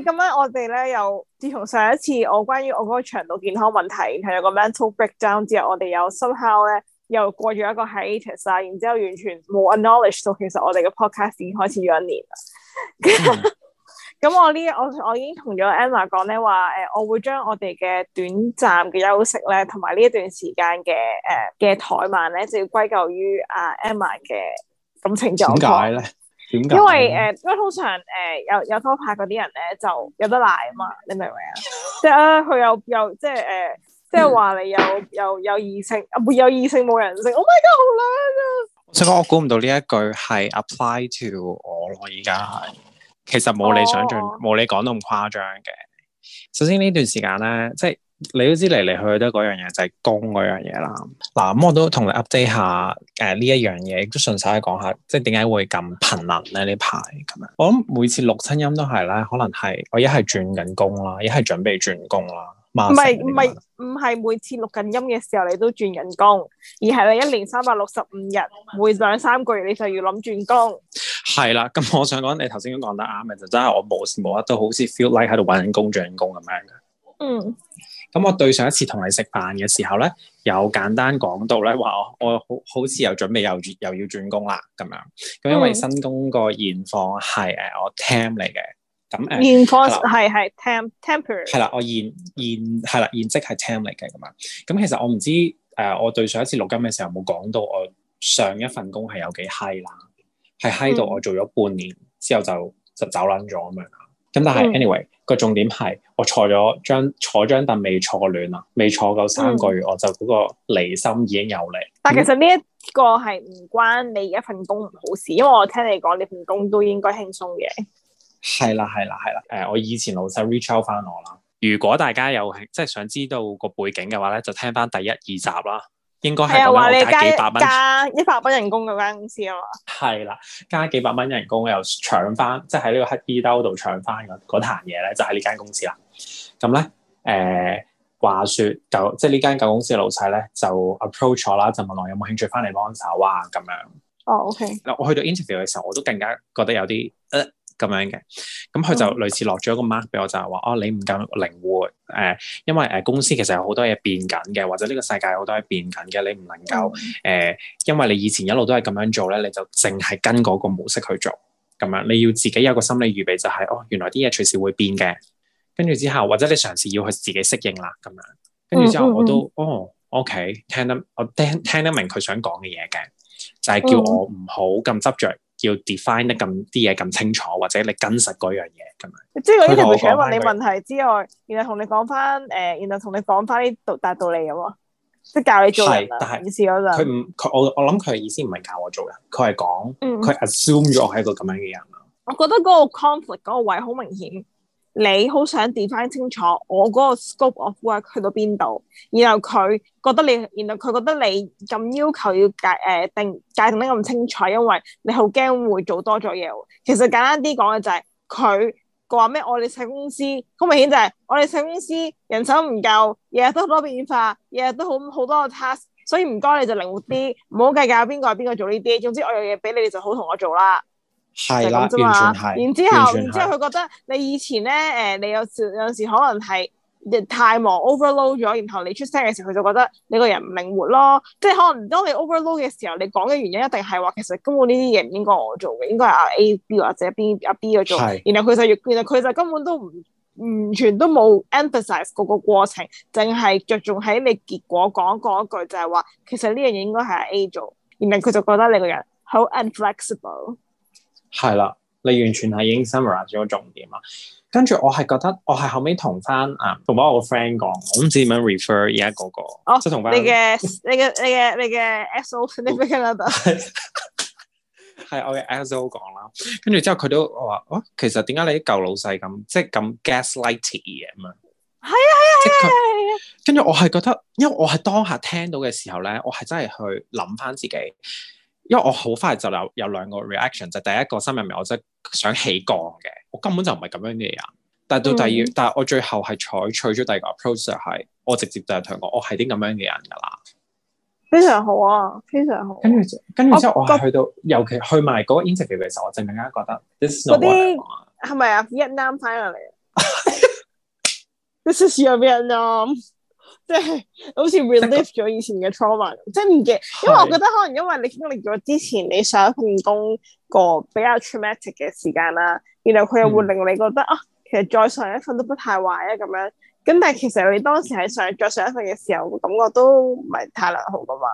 咁咧，我哋咧又，自從上一次我關於我嗰個腸道健康問題，然後有個 mental breakdown 之後，我哋又 somehow 咧，又過咗一個 hiatus 然之後完全冇 acknowledge 到，其實我哋嘅 podcast 已經開始咗一年啦。咁、嗯、 我，我，我呢，我我已經同咗 Emma 講咧話，誒，我會將我哋嘅短暫嘅休息咧，同埋呢一段時間嘅誒嘅怠慢咧，就要歸咎於啊 Emma 嘅感情狀況咧。點解呢？為因為誒，因、呃、通常誒、呃、有有拍拖嗰啲人咧就有得賴啊嘛，你明唔明 啊？即係啊，佢又有即係誒，即係話你有 有有異性，有異性沒有異性冇人性。Oh my god，好卵啊！所以我想我估唔到呢一句係 apply to 我咯，我而家係其實冇你想像，冇你講到咁誇張嘅。首先呢段時間咧，即係。你都知嚟嚟去去都嗰樣嘢就係工嗰樣嘢啦。嗱、啊，咁我都同你 update 下，誒、啊、呢一樣嘢都順手去講下，即係點解會咁頻能咧呢排咁樣？我諗每次錄親音都係咧，可能係我一係轉緊工啦，一係準備轉工啦。唔係唔係唔係每次錄緊音嘅時候你都轉緊工，而係你一年三百六十五日，每兩三個月你就要諗轉工。係啦、嗯，咁我想講你頭先都講得啱嘅就真係我無時無刻都好似 feel like 喺度揾緊工、轉緊工咁樣嘅。嗯。咁我對上一次同你食飯嘅時候咧，有簡單講到咧，話我，我好好似又準備又又要轉工啦咁樣。咁因為新工個現況係誒我 team 嚟嘅，咁誒現況係係 team temporary 係啦，我現現係啦，現職係 team 嚟嘅咁啊。咁其實我唔知誒、呃，我對上一次錄音嘅時候冇講到我上一份工係有幾閪啦，係閪到我做咗半年、mm. 之後就就走撚咗咁樣。咁但係，anyway，個重點係我坐咗張坐張凳未坐過暖啊，未坐夠三個月，嗯、我就嗰個離心已經有嚟。但其實呢一個係唔關你而家份工唔好事，因為我聽你講你份工都應該輕鬆嘅。係啦係啦係啦，誒，我以前老細 reach out 翻我啦。如果大家有即係想知道個背景嘅話咧，就聽翻第一二集啦。應該係我加幾百蚊，加一百蚊人工嗰間公司啊嘛。係啦，加幾百蚊人工，又搶翻，即係喺呢個乞衣兜度搶翻嗰壇嘢咧，就係呢間公司啦。咁咧，誒、呃、話説舊，即係呢間舊公司嘅老細咧，就 approach 我啦，就問我有冇興趣翻嚟幫手啊咁樣。哦，OK。嗱，我去到 interview 嘅時候，我都更加覺得有啲誒。呃咁樣嘅，咁佢就類似落咗一個 mark 俾、嗯、我就，就係話哦，你唔夠靈活誒、呃，因為誒、呃、公司其實有好多嘢變緊嘅，或者呢個世界有好多嘢變緊嘅，你唔能夠誒、嗯呃，因為你以前一路都係咁樣做咧，你就淨係跟嗰個模式去做，咁樣你要自己有個心理預備、就是，就係哦，原來啲嘢隨時會變嘅，跟住之後或者你嘗試要去自己適應啦，咁樣，跟住之後我都、嗯嗯、哦，OK，聽得我聽聽得明佢想講嘅嘢嘅，就係、是、叫我唔好咁執着。嗯要 define 得咁啲嘢咁清楚，或者你跟實嗰樣嘢咁。即係我一度除咗問你問題之外，然後同你講翻誒，然後同你講翻啲道大道理嘅，即係教你做人。但係佢唔佢我我諗佢嘅意思唔係教我做人，佢係講佢 assume 咗我係一個咁樣嘅人。嗯、我覺得嗰個 conflict 嗰個位好明顯。你好想 define 清楚我嗰個 scope of work 去到邊度，然後佢覺得你，然後佢覺得你咁要求要界誒、呃、定界定得咁清楚，因為你好驚會做多咗嘢。其實簡單啲講嘅就係佢話咩，我哋細公司，好明顯就係我哋細公司人手唔夠，日日都好多變化，日日都好好多個 task，所以唔該你就靈活啲，唔好計較邊個係邊個做呢啲。總之我有嘢俾你，你就好同我做啦。係啦，完全係。然之後，然之後佢覺得你以前咧，誒，你有時有陣時可能係太忙 overload 咗，然後你出聲嘅時候，佢就覺得你個人唔靈活咯。即係可能當你 overload 嘅時候，你講嘅原因一定係話，其實根本呢啲嘢唔應該我做嘅，應該係阿 A、B 或者邊阿 B 嘅做是然。然後佢就，其實佢就根本都唔完全都冇 emphasize 嗰個過程，淨係着重喺你結果講嗰一句，就係、係，話其實呢樣嘢應該係阿 A 做，然後佢就覺得你個人好 unflexible。係啦，你完全係已經 summarize 咗重點啦。跟住我係覺得，我係後尾同翻啊，同翻我個 friend 講，我唔知點樣 refer 而家個個，即係同翻你嘅、你嘅、你嘅、你嘅 SO，你邊個得？係我嘅 SO 講啦。跟住之後佢都話，我其實點解你啲舊老細咁，即係咁 gaslighting 嘅嘛？係啊，係啊，係啊，係啊。跟住我係覺得，因為我係當下聽到嘅時候咧，我係真係去諗翻自己。因為我好快就有有兩個 reaction，就第一個心入面，我真係想起降嘅，我根本就唔係咁樣嘅人。但係到第二，嗯、但係我最後係採取咗第二個 approach，就係我直接就係同佢講，我係啲咁樣嘅人噶啦。非常好啊，非常好、啊跟。跟住，跟住之後我去到、啊、尤其去埋嗰個 interview 嘅時候，我更加覺得些。嗰啲係咪啊？Vietnam 返嚟。 This is your Vietnam. 即係好似 relieve 咗以前嘅 trauma，即係唔記的，因為我覺得可能因為你經歷咗之前你上一份工個比較 traumatic 嘅時間啦，然後佢又會令你覺得、嗯、啊，其實再上一份都不太壞啊，咁樣咁，但係其實你當時喺上再上一份嘅時候，感覺都唔係太良好噶嘛。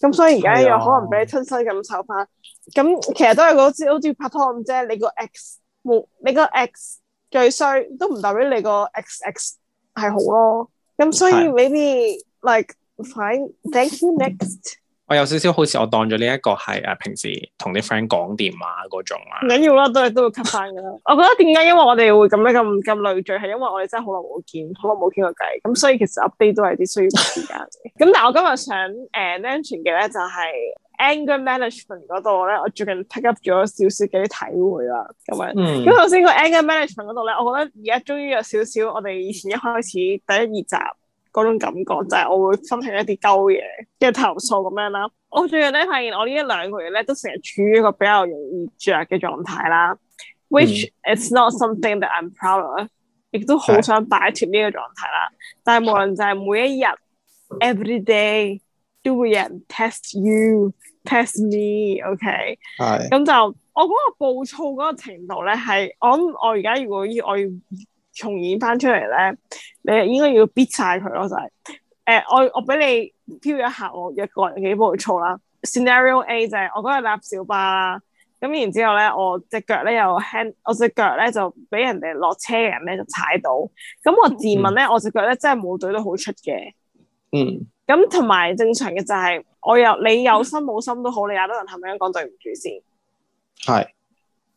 咁所以而家又可能俾你親身感受翻，咁的其實都係好似好似拍拖咁啫，你個 ex 冇你個 ex 最衰都唔代表你個 ex ex 係好咯。咁所以 maybe like fine thank you next。我有少少好似我當咗呢一個係啊平時同啲 friend 講電話嗰種啊。唔緊要啦，都係 都會 cut 翻噶啦。我覺得點解？ 因為我哋會咁樣咁咁累贅，係因為我哋真係好耐冇見，好耐冇傾過偈。咁所以其實 update 都係啲需要時間嘅。咁但係我今日想誒 mention 嘅咧就係、是。anger management 嗰度咧，我最近 pick up 咗少少嘅啲體會啦，咁樣、嗯。咁首先個 anger management 嗰度咧，我覺得而家終於有少少我哋以前一開始第一二集嗰種感覺，就係、是、我會分享一啲鳩嘢即係投訴咁樣啦。我最近咧發現，我呢一兩個月咧都成日處於一個比較容易着嘅狀態啦，which is not something that I'm proud of，亦、嗯、都好想擺脫呢個狀態啦，是的但係無論就係每一日，every day。都會 test you，test me，OK，、okay? 係咁的就我嗰個暴躁嗰個程度咧，係我我而家如果要我要重演翻出嚟咧，你應該要逼晒佢咯就係、是，誒、呃、我我俾你飄咗一下我一個人幾暴躁啦，Scenario A 就係、是、我嗰日搭小巴啦，咁然之後咧我隻腳咧又 hand，我隻腳咧就俾人哋落車嘅人咧就踩到，咁我自問咧、嗯、我隻腳咧真係冇對得好出嘅，嗯。咁同埋正常嘅就係我有你有心冇心都好，你阿多人後咪先講對唔住先，係是。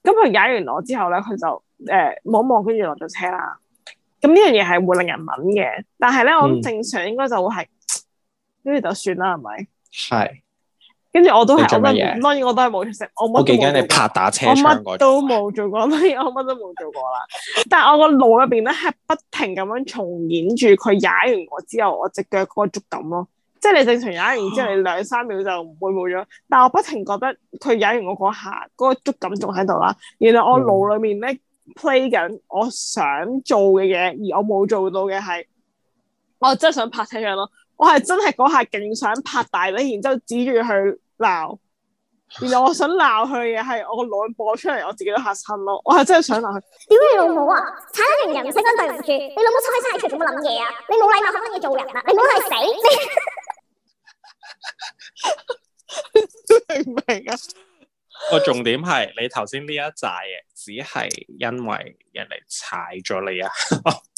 咁佢解完我之後咧，佢就誒望一望，跟住落咗車啦。咁呢樣嘢係會令人敏感，但係咧，我諗正常應該就會係，跟住、嗯、就算啦，係咪？係。跟住我都係，當然我都係冇出食，我冇做。我見緊你拍打車窗，我乜都冇做過，當然我乜都冇做過啦。 但係我個腦入邊咧係不停咁樣重演住佢踩完我之後，我隻腳嗰個觸感咯。即係你正常踩完之後，你兩三秒就唔會冇咗。但係我不停覺得佢踩完我嗰下，嗰、嗰個觸感仲喺度啦。原來我腦裏面咧 play 緊我想做嘅嘢，而我冇做到嘅係，我真係想拍車窗咯。我係真係嗰下勁想拍大髀，然之後就指住佢鬧。然後我想鬧佢嘅係我個腦播出嚟，我自己都嚇親咯。我係真係想鬧佢。屌你老母啊！踩緊人唔識咁對唔住。你老母坐喺曬一齊做乜諗嘢啊？你冇禮貌肯乜嘢做人啊？你冇係死？你明唔明啊？個重點係，你頭先呢一扎嘢，只係因為人哋踩咗你啊，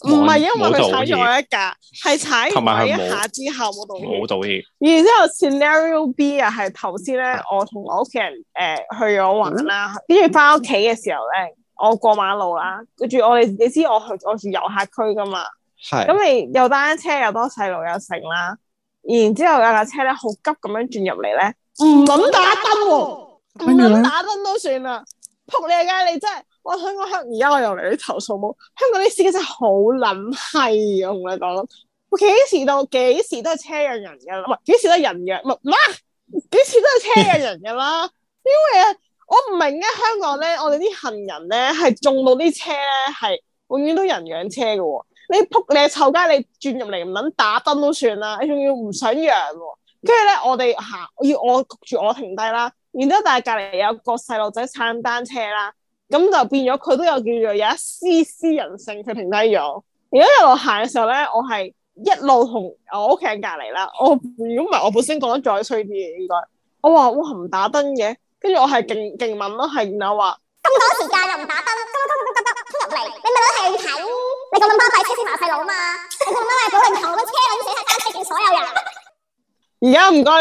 唔係因為佢踩咗我一架，係踩同埋佢一下之後冇道歉，然之後 scenario B 啊，係頭先咧，我同我屋企人誒、呃、去咗玩啦，跟住返屋企嘅時候咧，我過馬路啦，跟住我哋你知我去我住遊客區㗎嘛，係咁的你又單車多又多細路又剩啦，然之後架車咧好急咁樣轉入嚟咧，唔諗打燈喎。嗯嗯唔撚打燈都算啦，扑你啊街！你真係哇香港而家我又嚟啲投訴，冇香港啲司機真係好撚係啊，我同你講咯，幾時都幾時都係車讓人噶，唔係幾時都係人讓，唔係幾時都係車讓人噶啦，因為我唔明咧香港咧，我哋啲行人咧係中到啲車咧係永遠都人讓車噶，你扑你啊臭街，你轉入嚟唔撚打燈都算啦，你仲要唔想讓？跟住咧，我哋行，要我焗住我停低啦。然之後，但係隔離有個細路仔撐單車啦，咁就變咗佢都有叫做有一絲絲人性，佢停低咗。而家一路行嘅時候咧，我係一路同我屋企人隔離啦。我如果唔係我本身講得再衰啲嘅，應該我話哇唔打燈嘅，跟住我係勁勁問咯，係然後話咁多時間又唔打燈，通通通通咁入嚟，你咪攞嚟睇，你咁樣巴閉黐線埋細路啊嘛，你咁樣巴閉黐線同我車輪死係單車嘅所有人。 而家唔該，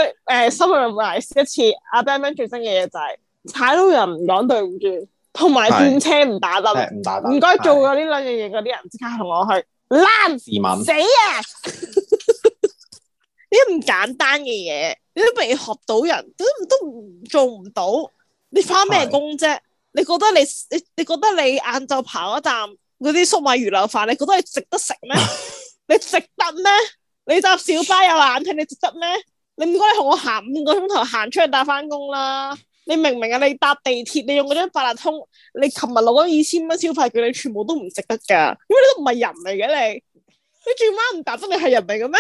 誒收埋埋一次。阿、啊、Ben Ben 最憎嘅嘢就係、是、踩到人唔講對唔住，同埋轉車唔打燈。唔該、呃、做過呢兩樣嘢嗰啲人，即刻同我去攔市民。爛文死啊！呢啲 唔簡單嘅嘢，你都未學到人，都都做唔到。你返咩工啫是？你覺得你你你覺得你晏晝扒一站嗰啲粟米魚柳飯，你覺得你值得食咩？ 你值得咩？你搭小巴又眼睇你值得咩？你唔該，你同我行五個鐘頭行出去打翻工啦！你明唔明啊？你搭地鐵，你用嗰張八達通，你琴日攞咗二千蚊消費券，你全部都唔值得噶。點解你都唔係人嚟嘅你？你住媽唔搭得你係人嚟嘅咩？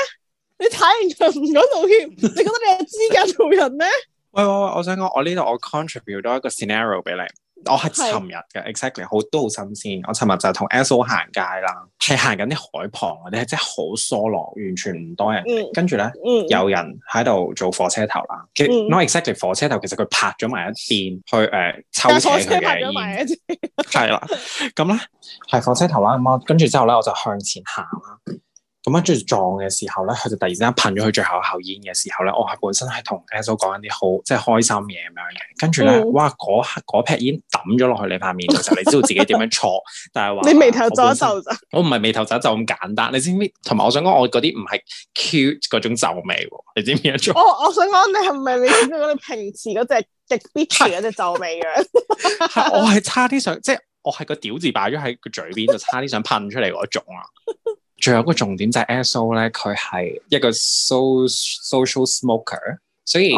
你睇完場唔敢道歉，你覺得你有資格做人咩？喂喂 我想講，我呢度我 contribute 多一個 scenario 俾你。我係尋日嘅，exactly 好都好新鮮。我尋日就同 Aso 行街啦，係行緊啲海傍嗰啲，係真係好疏落，完全唔多人。嗯、跟住咧，嗯、有人喺度做火車頭啦。not exactly 火車頭，其實佢拍咗埋一邊去誒、呃、抽曬嘅煙。係 啦，咁咧係火車頭啦，咁跟住之後咧，我就向前行啦。咁跟住撞嘅時候咧，佢就突然之間噴咗佢最後一口煙嘅時候咧，我係本身係同 Aso 講緊啲好即係開心嘢咁樣嘅。跟住咧，嗯、哇嗰嗰撇煙～那那一抌咗落去你塊面嘅時候，你知道自己點樣錯，但係話你眉頭咗皺咋？我唔係眉頭皺皺咁簡單，你知唔知？同埋我想講，我嗰啲唔係 cute 嗰種皺眉，你知邊一種？我我想講，你係唔係你見到你平時嗰隻極 bitch 嗰隻皺眉樣？我係差啲想，即係我係個屌字擺咗喺個嘴邊，就差啲想噴出嚟嗰種啊！仲有個重點就係，so 咧佢係一個 social smoker，所以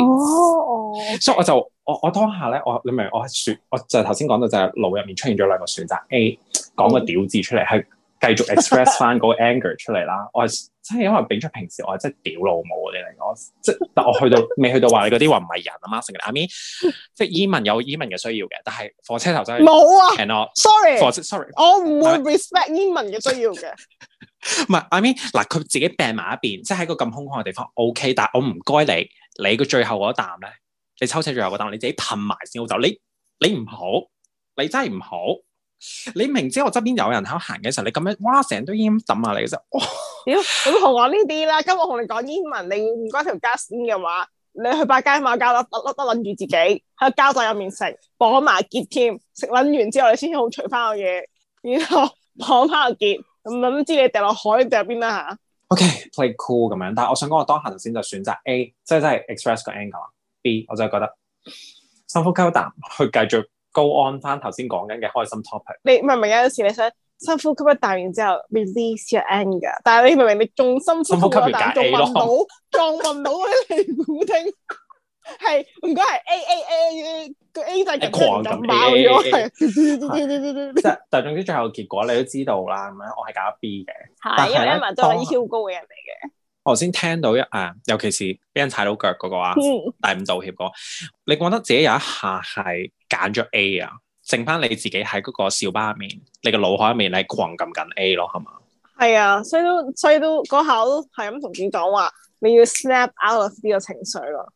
所以我就。我我當下咧，我你明我選，我就頭先講到就係腦入面出現咗兩個選擇，A 講個屌字出嚟，係繼續 express 翻個 anger 出嚟啦。 我係即係因為畀出平時我係真係屌老母你嚟講，即但我去到 未去到話你嗰啲話唔係人啊嘛。成日阿咪即係英文有英文嘅需要嘅，但係火車頭真係冇啊。Cannot sorry，sorry，for , sorry, 我唔會 respect 英文嘅需要嘅。唔係阿咪嗱，佢 I mean, 自己病埋一邊，即係喺個咁空曠嘅地方，OK，但係我唔該你，你個最後嗰啖咧。你抽車最後嗰凳，你自己噴埋先好走。你你唔好，你真係唔好。你明知我側邊有人喺度行嘅時候，你咁樣哇，成堆煙抌下你嘅時候，屌、哎，咁同我呢啲啦。今日我同你講英文，你唔關條膠先嘅話，你去百佳買膠，得得得，捻住自己喺個膠袋入面食，綁埋結添。食捻完之後，你先好除翻個嘢，然後綁翻個結，唔諗知你掉落海，掉邊啦吓？OK. play cool 咁樣，但係我想講，我當下頭先就選擇 A，即係即係 express 個 angle。B，我就覺得深呼吸一啖，去繼續 go on 返，頭先講緊嘅開心 topic。你明唔明有陣時你想深呼吸一啖，然之後 release your anger，但係你明唔明？你仲深呼吸一啖，仲問到，撞問到，你唔好聽。係，唔該係 A A A A，個 A 就狂咁爆咗。但係總之最後結果你都知道啦。咁樣我係揀 B 嘅，係因為因為都係超高嘅人嚟嘅。我先聽到一誒、啊，尤其是俾人踩到腳嗰、那個啊，第五、嗯、道歉嗰個你覺得自己有一下係揀咗 A 啊？剩返你自己喺嗰個小巴入面，你個腦海入面你狂撳緊 A 咯，係嘛？係啊，所以都所以都嗰下都係咁同自己講話，你要 snap out of 呢個情緒咯。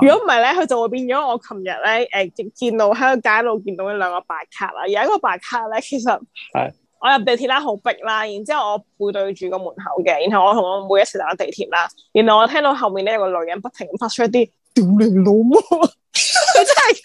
如果唔係咧，佢就會變咗我琴日咧誒見到喺個街度見到呢兩個白卡啦，有一個白卡咧，其實係。我入地鐵啦，好逼啦，然之後我背對住個門口嘅，然後我同我妹一齊搭地鐵啦，然後我聽到後面咧有個女人不停咁發出一啲屌亂老母，佢 真係，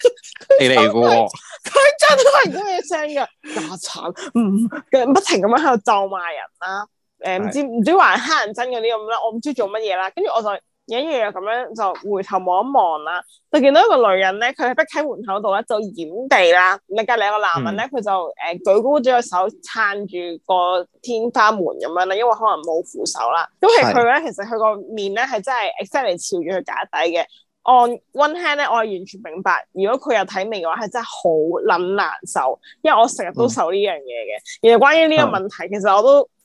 你嚟嘅喎，佢真係咁嘅聲嘅，家殘，嗯，不停咁樣喺度咒罵人啦，誒唔知唔知話黑人憎嗰啲咁啦，我唔知做乜嘢啦，跟住我就。一樣咁樣就回頭望一望啦，就見到一個女人咧，佢迫喺門口度咧，就掩地啦。你隔離有個男人咧，佢、嗯、就誒、呃、舉高咗個手撐住個天花門咁樣啦，因為可能冇扶手啦。咁係佢咧，是 其實佢個面咧係真係 exactly 朝住佢架底嘅。On one hand 咧，我係完全明白，如果佢有體味嘅話，係真係好撚難受，因為我成日都受呢樣嘢嘅。而、嗯、關於呢個問題，嗯、其實我都～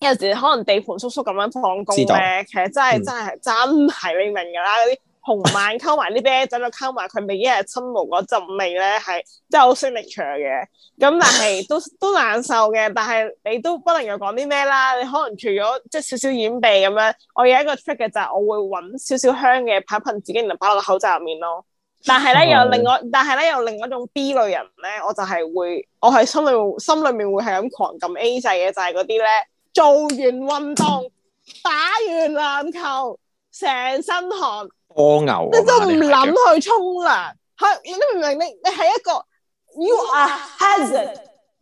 有時可能地盤叔叔咁樣放工咧，道其實真係、嗯、真係真係你明㗎啦。嗰啲紅晚溝埋啲啤酒，就溝埋佢味，一日親毛嗰陣味咧，係真係好 signature 嘅。咁但係都都難受嘅，但係你都不能又講啲咩啦。你可能除咗即係少少掩鼻咁樣，我有一個 trick 嘅就係我會揾少少香嘅，拍一拍紙巾嚟擺落個口罩入面咯。但係咧又另外， 但係咧又另外一種 B 類人咧，我就係會我喺心裏心裏面會係咁狂撳 A 制嘅，就係嗰啲咧。做完運動，打完籃球，成身汗，波牛！你都唔諗去沖涼，你都唔明？你你係一個，you are a hazard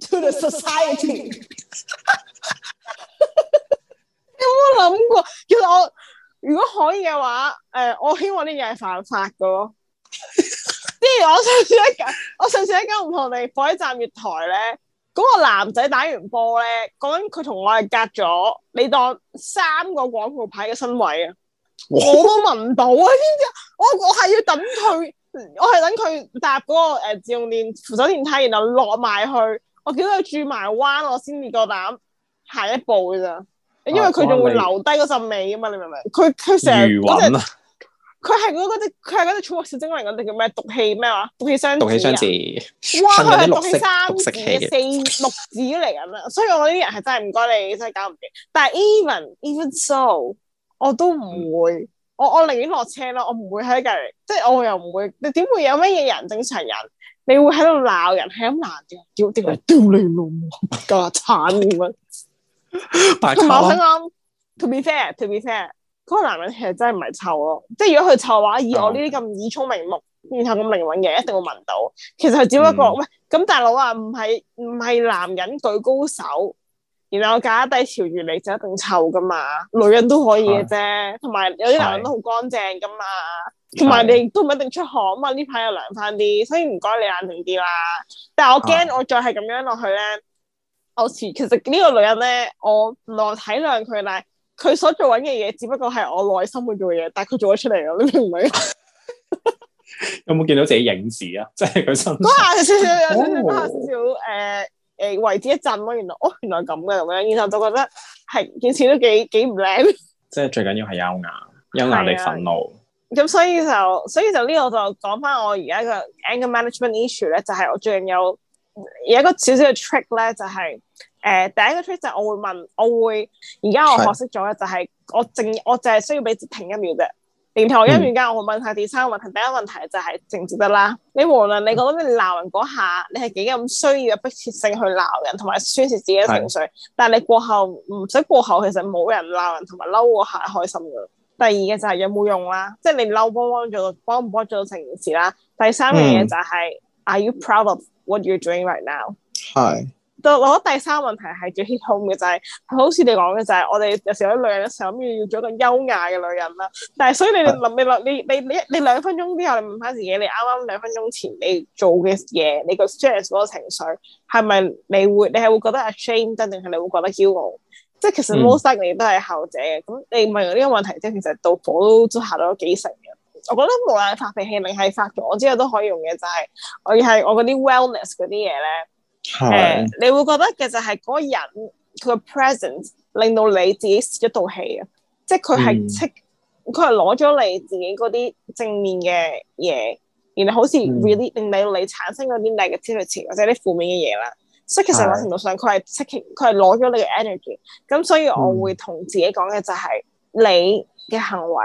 to the society。 你有冇諗過？其實我如果可以嘅話，誒、呃，我希望呢嘢係犯法㗎咯。之前我上次喺我上次一間唔同你，火車站月台咧。嗰個男仔打完波咧，嗰陣佢同我係隔咗，你當三個廣告牌嘅身位啊！我都聞唔到啊，先知我我係要等佢，我係等佢搭嗰、嗰個誒自動電扶手電梯，然後落埋去，我見到佢轉埋彎，我先至個膽下一步嘅咋，因為佢仲會留低嗰陣味啊嘛，你明唔明？佢佢成日佢係嗰嗰佢係嗰啲超級小精靈嗰啲叫咩毒氣咩話？毒氣雙。毒氣雙子。哇！佢係毒氣雙子氣四六子嚟㗎嘛，所以我覺得啲人係真係唔該你，真係搞唔掂。但係 even even so，我都唔會，嗯、我我寧願落車啦，我唔會喺隔離，即係、嗯、我又唔會。你點會有乜嘢人正常人？你會喺度鬧人，係咁鬧，屌屌你，屌你老母，搞下餐咁樣，同埋我想講。To be fair, to be fair. 嗰個男人其實真係唔係臭咯，即係如果佢臭嘅話，以我呢啲咁耳聰明目，嗯、然後咁靈敏嘅，一定會聞到。其實只是個、嗯、不過喂，咁大佬啊，唔係唔係男人舉高手，然後假低朝住你就一定臭噶嘛，女人都可以嘅啫。同埋是有啲男人都好乾淨噶嘛，同埋是你都唔一定出汗啊嘛，呢排又涼翻啲，所以唔該你冷靜啲啦。但係我驚我再係咁樣落去咧，啊、我其實呢個女人咧，我耐體諒佢，但係佢所做緊嘅嘢，只不過係我內心會做嘅嘢，但係佢做咗出嚟咯，你明唔明？ 有冇見到自己影子、就是、啊？即係佢身嗰下少少，少少，少少，誒誒，為之一震咯。原來哦，原來咁嘅咁樣，然後就覺得係件事都幾幾唔靚。即係最緊要係優雅，優 雅你憤怒。咁所以就，所以就呢個就講翻我而家嘅 anger management issue 咧，就係我最近有。有一個少少嘅 trick 咧，就係誒第一個 trick 就係我會問，我會而家我學識咗咧，就係我淨我淨係需要俾停一秒啫，停停一秒間我會問下、嗯、第三個問題。第一問題就係值唔值得啦？你無論你覺得，你鬧人嗰下，你係幾咁需要嘅迫切性去鬧人，同埋宣泄自己嘅情緒，是的 但係你過後唔使過後，其實冇人鬧人同埋嬲嗰下開心嘅。第二嘅就係有冇用啦，即係你嬲幫幫咗幫唔幫咗成件事啦。第三樣嘢就係、是嗯、Are you proud of？What you doing right now？係 Hi.，到我覺得第三個問題係最 hit home 嘅就係、是，就好似你講嘅就係、是，我哋有時候啲女人嘅時候諗要要做一個優雅嘅女人啦。但係所以你林 Hi. 你林你你你，你兩分鐘之後你問翻自己，你啱啱兩分鐘前你做嘅嘢，你個 stress 嗰個情緒係咪你會你係會覺得係 shame 得定係你會覺得驕傲？即係其實 most likely 都係後者嘅。咁、mm. 你問完呢個問題即後，其實到火都做下咗幾成。我覺得無論係發脾氣，定係發咗我之後都可以用嘅就係、是、我係我嗰啲 wellness 嗰啲嘢咧。係的、呃、你會覺得嘅就係嗰人佢嘅 presence 令到你自己洩咗道氣啊，即係佢係 t 佢係攞咗你自己嗰啲正面嘅嘢，然後好似 really、嗯、令到你產生嗰啲 negativity 或者啲負面嘅嘢啦。所以其實某程度上佢係 t 佢係攞咗你嘅 energy。咁所以我會同自己講嘅就係、是嗯、你嘅行為。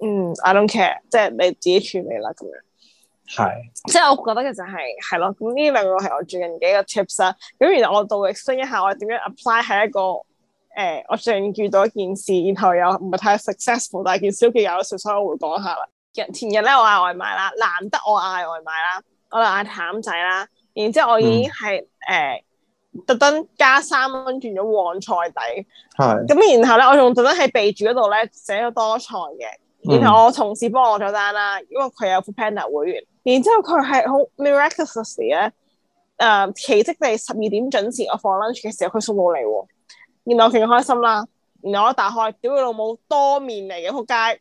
嗯，I don't care，即係你自己處理啦，咁樣係的、嗯。即係我覺得其實係係咯，咁呢兩個係我最近幾個 tips 啦、啊。咁，然實我度力 share 一下我點樣 apply 喺一個誒、欸，我最近遇到一件事，然後又唔係太 successful，但係件小記有少少，我會講下啦。前日咧，我嗌外賣啦，難得我嗌外賣啦，我嗌譚仔啦，然之後我已經係誒、嗯呃、特登加三蚊轉咗旺菜底係。咁的然後咧，我仲特登喺備注嗰度咧寫咗多菜嘅。嗯、然後我同事幫我攞咗單啦，因為佢有副 Panther 會員，然之後佢係好 miraculously 咧，誒、呃、奇蹟地十二點準時我放 lunch 嘅時候佢送到嚟喎，然後佢勁開心啦，然後我一打開，屌佢老母多麵嚟嘅仆街，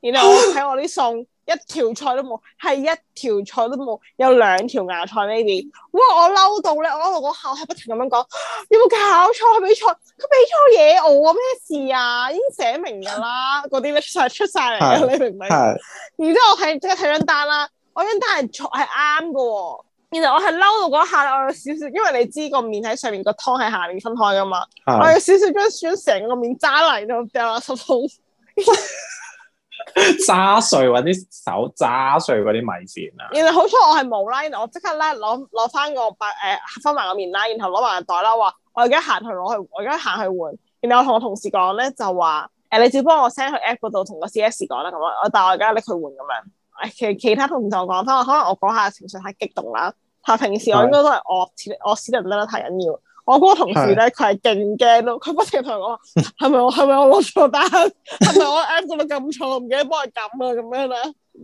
然後我睇我啲餸。哦一條菜都冇，係一條菜都冇，有兩條芽菜 maybe 哇！我嬲到咧，我喺度個口係不停咁樣講，啊、有冇搞錯？佢俾錯，佢俾錯嘢我啊，咩事啊？已經寫明㗎啦，嗰啲咩菜出晒嚟啊？ 你明唔明？然之後我睇即刻睇張單啦，我張單係錯係啱㗎喎。然後我係嬲到嗰下我有少少，因為你知個面喺上面，個湯喺下面分開㗎嘛。我有少少將成個麵揸嚟，就掉落手。」揸碎搵啲手揸碎嗰啲米線啊。原來好彩我係冇啦，我即刻咧攞攞翻個白誒，翻埋個麵啦，然後攞埋個袋啦，話我而家行去攞去，我而家行去換。然後我同我，我，我同事講咧就話誒、欸，你只幫我 send 去 app 嗰度同個 C S 講啦咁啦，我但係我而家拎佢換咁樣。誒，其實其他同事同我講翻，可能我嗰下情緒太激動啦，吓平時我應該都係我我惡死得得太緊要。對我嗰個同事咧，佢係勁驚咯，佢不停同我講：係咪我係咪我攞錯單？係咪 我 app 做 到撳錯？我唔記得幫佢撳啊咁樣咧。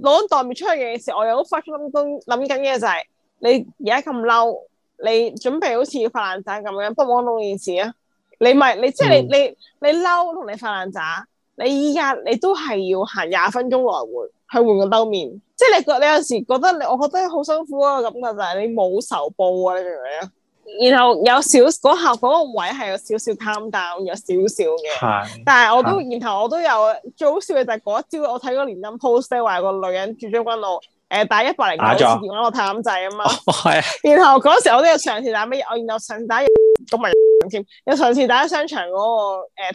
攞袋麵出去嘅時，我有發心諗諗緊嘅就係你而家咁嬲，你準備好似要發爛渣咁樣，不枉攞件事啊！你咪你即係你你你嬲同你，你，你發爛渣，你依家你都係要行廿分鐘來回去換個兜面，即係你覺你有陣時覺得你我覺得好辛苦啊咁嘅就係你冇仇報啊！你明唔明啊？然後有少嗰客嗰個位係有少少貪淡，有少少嘅。係。但係我都，行然後我都有，最好笑嘅就係嗰一朝，我睇嗰個連登 post 咧，話個女人住將軍路，誒、呃、打一百零九折，而家我譚仔啊嘛。係、哦。然後嗰時我都有上次打俾我然後上次打都唔添，有上次打喺商場嗰、那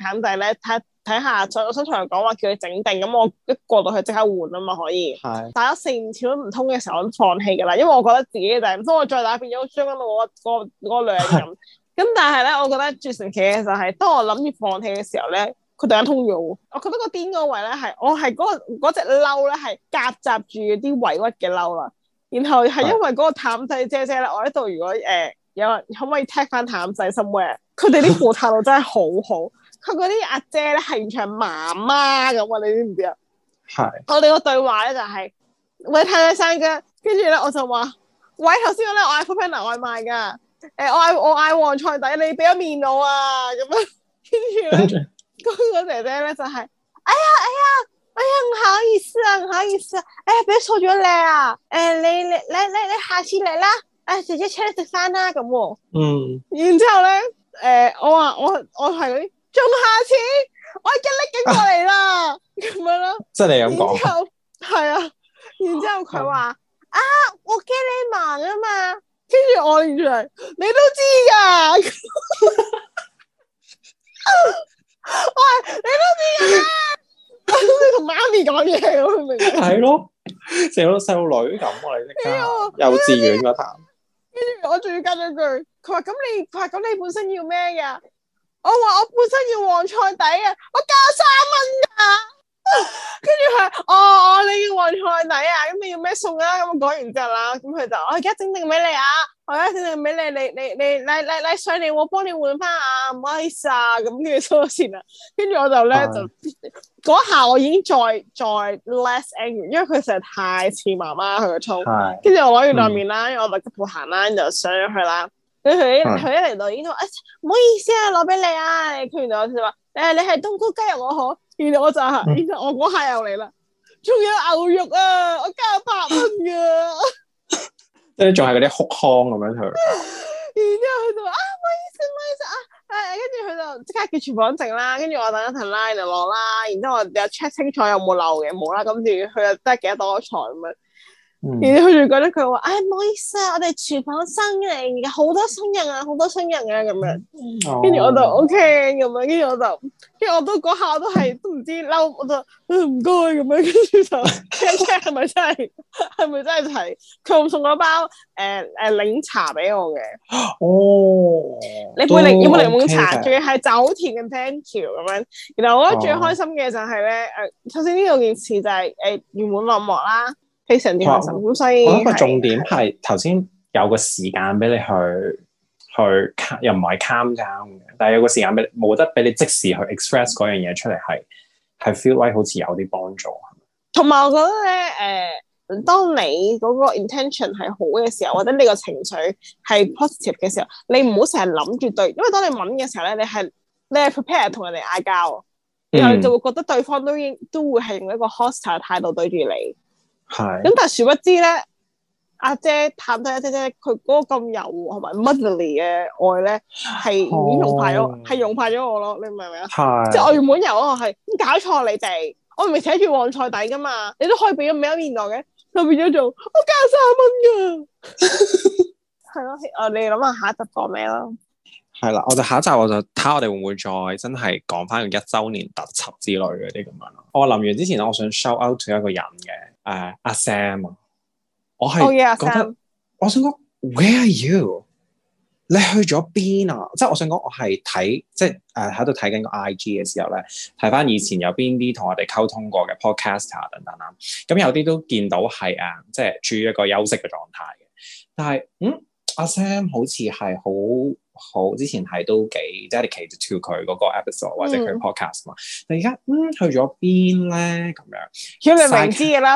個誒譚仔咧，睇、呃。睇下，在我身上嚟講話叫你整定，咁我一過到去即刻換啊嘛，可以。打咗四五次都唔通嘅時候，我都放棄㗎喇，因為我覺得自己就係、是，當我再打變咗傷到我嗰嗰兩人。咁 但係咧，我覺得最神奇嘅就係、是，當我諗住放棄嘅時候咧，佢突然通咗。我覺得個癲個位咧係，我係嗰嗰隻嬲咧係夾雜住啲委屈嘅嬲啦。然後係因為嗰個淡仔姐姐咧，我喺度如果誒、呃、有可唔可以 t a k 翻淡仔心？佢哋啲服務態度真係好好。 佢嗰啲阿姐咧，係完全係媽媽咁啊！你知唔知啊？係的我哋個對話咧、就是，就係喂，睇睇生嘅，跟住咧，我就話喂，頭先咧，我嗌鋪 pan 拿外賣噶，誒、呃，我嗌我嗌黃菜底，你俾咗麵我啊咁啊。樣呢 跟住嗰個姐姐咧就係、是、哎呀，哎呀，哎呀，唔、哎、好意思啊，唔好意思啊，誒、哎，俾錯咗你啊，誒、哎，你你你你你下次嚟啦，誒、哎，姐姐請你食飯啦咁喎。哦、嗯。然之後咧，誒、呃，我話我我係啲。仲下次，我已經拎緊過嚟啦，咁樣咯。即係你咁講。然之後係啊，然之後佢話啊，我叫你問啊嘛，跟住我連住你都知噶。我係 你都知噶，你同媽咪講嘢，明唔明？係咯，成個細路女咁我你識加幼稚園嘅談。跟住我仲要加咗句，佢話咁你，佢話咁你本身要咩噶？我話我本身要黃菜底啊，我加三蚊噶，跟住佢，哦，你要黃菜底啊，咁你要咩餸啊？咁我講完之後啦，咁佢就，我而家整定俾你啊，我而家整定俾你，你你你你你上嚟我幫你換翻啊，唔好意思啊，咁跟住收咗線啦，跟住我就咧是就嗰下我已經再再 less angry，因為佢實在太似媽媽佢個粗，跟住是我攞完對面啦，因、嗯、我咪急步行啦，就上咗去啦。佢佢一嚟到，然之後啊，唔好意思啊，攞俾你啊。佢原來我就話，誒你係東區雞肉我好。然後我就係，然後我嗰下又嚟啦，仲有牛肉啊，我加百蚊噶。即係仲係嗰啲哭腔咁樣佢。然之後佢就話啊，唔好意思唔好意思啊，誒跟住佢就即刻叫廚房整啦，跟住我等一陣 line 就落啦。然之後我哋又 check 清楚有冇漏嘅，冇啦。咁住佢又真係幾多菜咁樣。然後就覺得佢話，唉， 唔好意思啊，呃呃、我哋廚房新人，好多新人啊，好多新人啊，咁樣。跟住我就 O K 咁樣，跟住我就，跟住我都嗰下都係都唔知嬲，我就唔該咁樣，跟住就 check check 係咪真係係咪真係齊，佢仲送咗包誒誒檸茶俾我嘅哦，你杯檸檬茶，仲要係酒田嘅 thank you 咁樣。然後我覺得最開心嘅就係、是、咧，誒、哦呃，首先呢度件事就係誒圓滿落幕啦。我覺得個重點係頭先有個時間俾你去去，又唔係 calm down 嘅，但係有個時間俾你冇得俾你即時去 express 嗰樣嘢出嚟，係係 feel like 好似有啲幫助。同埋我覺得咧，誒、呃，當你嗰個 intention 係好嘅時候，或者你個情緒係 positive 嘅時候，你唔好成日諗住對，因為當你問嘅時候咧，你係你係 prepare 同人哋嗌交，然後就會覺得對方都應都會係用一個 hostile 態度對住你。係咁，是但殊不知咧，阿姐探得阿姐咧，佢嗰個咁柔同埋 motherly 嘅愛咧，係已經融派咗，係、oh. 融派咗我咯，你明唔明啊？係是即係我原本油啊，係咁搞錯你哋，我唔係寫住旺菜底噶嘛，你都可以俾咁多麵袋嘅，都變咗做我加三蚊噶，係咯， 我哋諗下下一集講咩咯？係啦，我就下一集我就睇下我哋會唔會再真係講翻個一周年特輯之類嗰啲咁樣咯。我臨完之前我想 shout out to 一個人嘅。誒阿、uh, Sam，啊，我係覺得、oh, yeah, 我想講，Where are you？你去咗邊啊？即係我想講，我係睇即係誒喺度睇緊個 I G 嘅時候咧，睇返以前有邊啲同我哋溝通過嘅 Podcaster 等等啦。咁有啲都見到係啊，即係處於一個休息嘅狀態嘅。但係嗯阿、啊、Sam 好似係好好之前係都幾 dedicated to 佢嗰個 episode 或者佢 podcast 嘛、mm. 但而家嗯去咗邊咧？咁樣咁你明知嘅啦。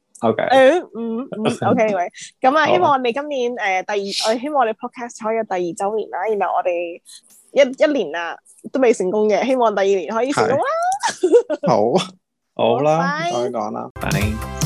O Okay . K，嗯嗯嗯，O K，各位，咁啊，希望我哋今年誒第二，我希望我哋 Podcast 可以有第二周年啦，而咪我哋一一年啊都未成功嘅，希望第二年可以成功啦。好， 好啦吧，再講啦，拜 Bye。